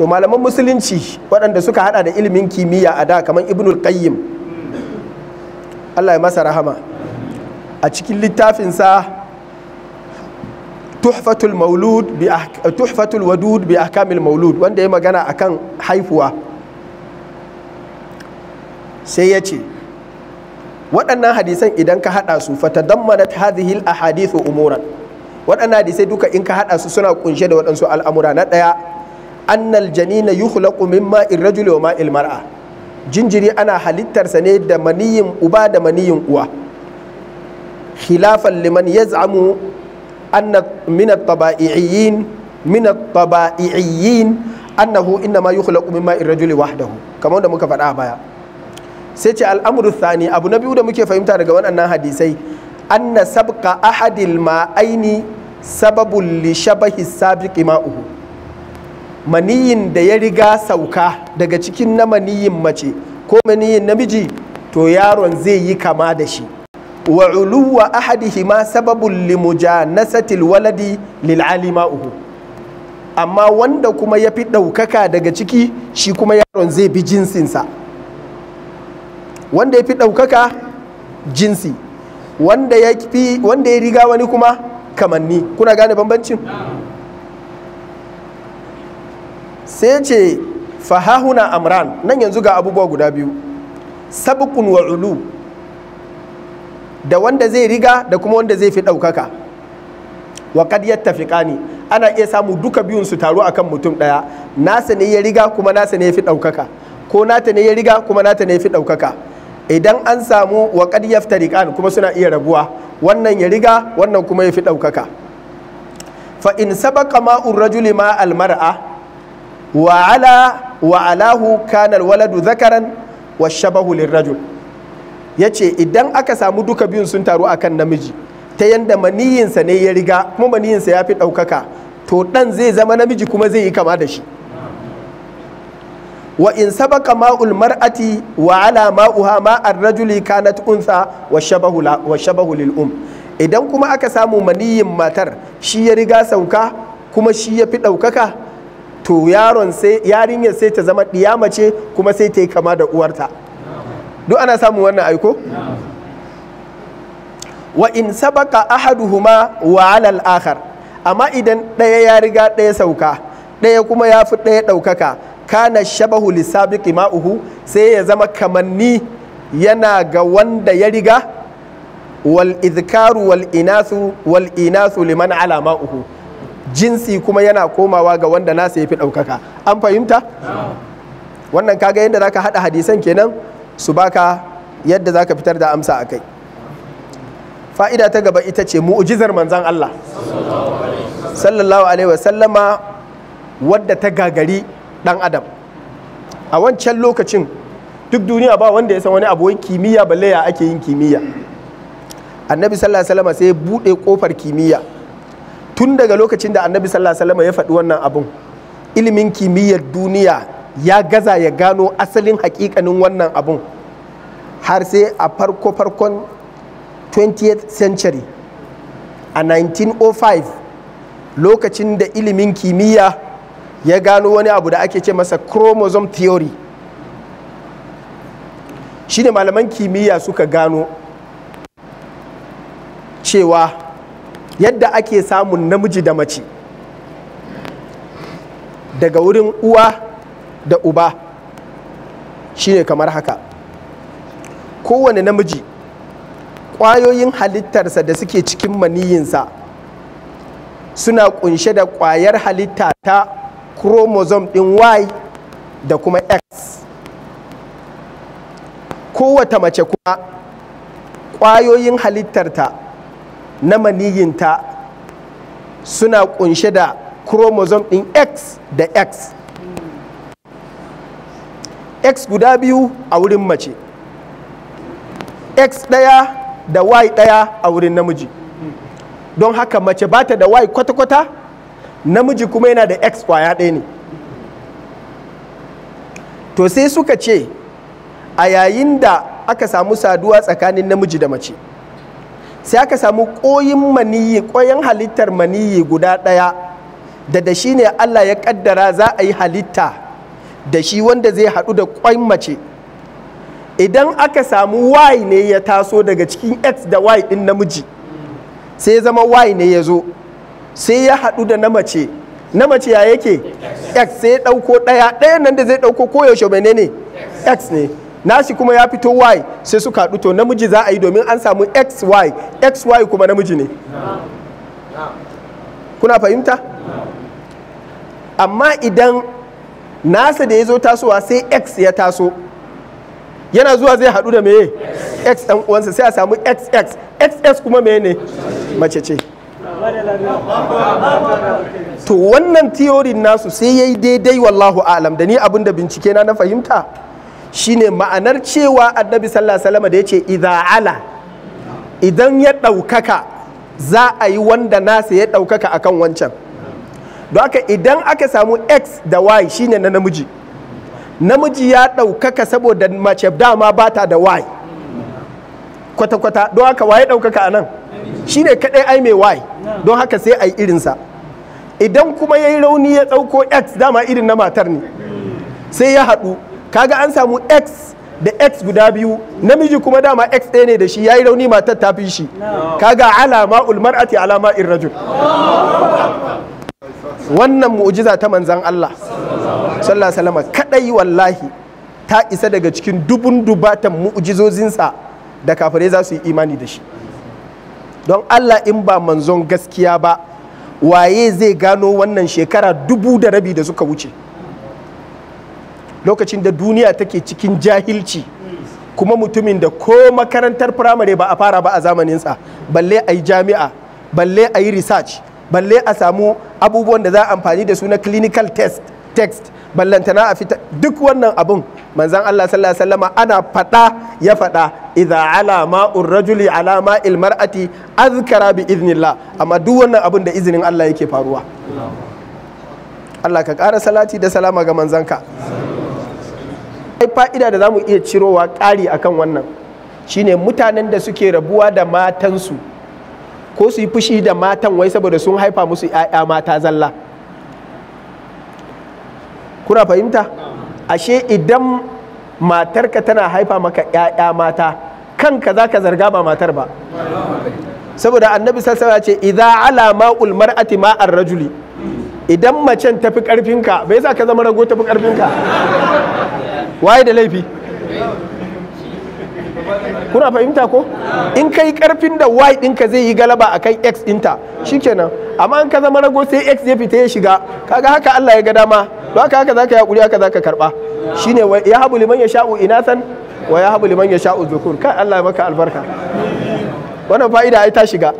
to malaman musulunci waɗanda suka hada da ilimin kimiyya a da kamar ibnul qayyim Allah ya masa rahama a cikin littafinsa tuhfatul maulud bi tuhfatul wadud bi ahkamil maulud wanda ya magana akan haifuwa sai ya ce waɗannan hadisan idan ka haɗa su fatadammanat hadhihi al-ahadithu umuran waɗannan hadisai duka in ka haɗa su suna kunshe da waɗansu al'amura na ɗaya annal janina yukhlaqu mimma irrajul wa ma'il mar'a jinjiri ana halittarsa ne da maniyin uba da maniyin uwa khilafan liman yaz'amu anna min at-taba'i'in min at-taba'i'in annahu innama yukhlaqu mimma irrajul wahdahu kamar da muka faɗa baya sai ce al'amuru thani abu na biyu da muke fahimta daga waɗannan hadisai anna sabka ahadil ma'aini sababun li shabahi sabiqi maniyin da ya riga sauka daga cikin na maniyin mace ko maniyin namiji to yaron zai yi kama da shi wa uluwa hima sababun limuja limujanasatil waladi lil uhu amma wanda kuma ya fi ɗaukaka daga ciki shi kuma yaron zai bi jinsinsa wanda ya fi ɗaukaka jinsi wanda ya riga wani kuma kamanni kuna gane bambancin? sai ce fahahuna amran nan yanzu ga abubuwa guda biyu sabukun wa ulu da wanda zai riga da kuma wanda zai fi ɗaukaka wa kad kani, ana iya samu duka biyun su taru akan mutum ɗaya nasa ne ya riga kuma nasa ne ya fi ɗaukaka ko nata ne ya riga kuma nata ne ya fi ɗaukaka idan an samu wa kad yaftariqan kuma suna iya rabuwa wannan ya riga wannan kuma ya fi ɗaukaka fa in sabaka ma'ur rajuli ma al mar'a Wa'ala wa'alahu kanar waladu zakaran wa shabahu yace idan aka samu duka biyun sun taru akan namiji ta yadda maniyinsa ne ya riga kuma maniyinsa ya fi ɗaukaka to ɗan zai zama namiji kuma zai yi kama da shi wa in sabaka ma'ul mar'ati wa ala ma'uha ma'ar rajuli kanat unsa wa shabahu wa shabahu lil um idan kuma aka samu maniyin matar shi ya riga sauka kuma shi ya fi ɗaukaka to yaron sai yarinyar sai ta zama mace kuma sai ta yi kama da uwarta duk ana samun wannan aiko wa in sabaka ahaduhuma wa alal akhar amma idan ɗaya ya riga ɗaya sauka ɗaya kuma ya fi ɗaya ɗaukaka kana shabahu lissabiqi ma'uhu sai ya zama kamanni yana ga wanda ya riga wal izkaru wal inasu wal liman alama uhu? jinsi kuma yana komawa ga wanda nasa ya fi ɗaukaka an fahimta wannan kaga yadda zaka haɗa hadisan kenan su baka yadda zaka fitar da amsa a kai fa'ida ta gaba ita ce mu'ujizar manzan Allah sallallahu alaihi wasallama wadda ta gagari ɗan adam a wancan lokacin duk duniya ba wanda ya san wani abu kimiyya balle ya ake yin kimiyya annabi sallallahu alaihi wasallama sai ya buɗe ƙofar kimiyya tun daga lokacin da annabi sallallahu alaihi ya faɗi wannan abun ilimin kimiyyar duniya ya gaza ya gano asalin hakikanin wannan abun har sai a farko farkon 20th century a 1905 lokacin da ilimin kimiyya ya gano wani abu da ake ce masa chromosome theory shi ne malaman kimiyya suka gano cewa yadda ake samun namiji da mace daga wurin uwa da uba shine kamar haka kowane namiji ƙwayoyin halittarsa da suke cikin maniyinsa suna kunshe da ƙwayar halitta ta chromosome ɗin y da kuma x kowata mace kuma ƙwayoyin halittarta na maniyinta suna kunshe da chromosome ɗin x da x x guda biyu a wurin mace x ɗaya da y ɗaya a wurin namiji don haka mace bata da y kwata-kwata namiji kuma yana da x kwaya ɗaya ne to sai suka ce a yayin da aka samu saduwa tsakanin namiji da mace sai aka samu koyin maniyi ƙoyin halittar maniyi guda ɗaya da da shi ne Allah ya ƙaddara za a yi halitta da shi wanda zai haɗu da ƙwai mace idan aka samu y ne ya taso daga cikin x da y ɗin namiji sai ya zama y ne ya zo sai ya haɗu da na mace na mace ya yake x sai ya ɗauko ɗaya Ɗaya nan da zai ɗauko koyaushe menene x ne nashi kuma ya fito y sai suka haɗu to namiji za a yi domin an samu xy xy kuma namiji ne kuna fahimta amma idan nasa da ya zo tasowa sai x ya taso yana zuwa zai haɗu da meye x ɗan uwansa sai a samu xx xx kuma meye ne mace ce to wannan tiyorin nasu sai ya yi daidai wallahu alam da ni abin da bincike na na fahimta shine ma'anar cewa annabi sallallahu alaihi da ya ce ala idan ya ɗaukaka za a yi wanda nasa ya ɗaukaka akan wancan don haka idan aka samu x da y shine na namiji namiji ya ɗaukaka saboda mace dama ba ta da y kwata-kwata don haka waye ɗaukaka a nan shine kaɗai ai mai y don haka sai a yi irinsa idan kuma ya yi rauni ya ɗauko x dama irin na matar ne sai ya haɗu kaga an samu x da x guda biyu namiji kuma dama x ɗaya ne da shi yayi rauni matar ta fi shi kaga alama ulmar ati, alama irrajul wannan mu'jiza ta manzan Allah sallallahu alaihi kadai wallahi ta isa daga cikin dubun dubatan mu'jizozinsa da kafare za su yi imani da shi don Allah in ba manzon gaskiya ba waye zai gano wannan shekara dubu da rabi da suka wuce lokacin da duniya take cikin jahilci kuma mutumin da ko makarantar firamare ba a fara ba a zamaninsa balle a yi jami'a balle a yi research balle a samu abubuwan da za a amfani da su na clinical test text ballantana a fita duk wannan abun manzan Allah sallallahu alaihi ana fada ya faɗa, idza ala ma'ur rajuli ala ma'il mar'ati azkara bi iznillah amma duk wannan abun da izinin Allah yake faruwa Allah ka ƙara salati da salama ga manzanka ai fa'ida da zamu iya cirowa ƙari akan wannan shine mutanen da suke rabuwa da matansu ko su yi fushi da matan wai saboda sun haifa musu 'ya'ya mata zalla kuna fahimta ashe idan matarka tana haifa maka 'ya'ya mata kanka za ka zarga ba matar ba saboda annabi sassawa ce idza ala ma'ul mar'ati ma'ar rajuli idan macen tafi karfinka bai za ka zama rago tafi karfinka waye da laifi kuna fahimta ko in ka yi karfin da y ɗinka zai yi galaba a kan x ɗinta shikenan amma in ka zama rago sai x ya fita ya shiga kaga haka Allah ya ga dama don haka haka zaka yaƙuri haka zaka karɓa shine ya habu liman ya sha'u inatan wa ya habu liman ya sha'u zukur kai Allah ya maka albarka wannan fa'ida ai ta shiga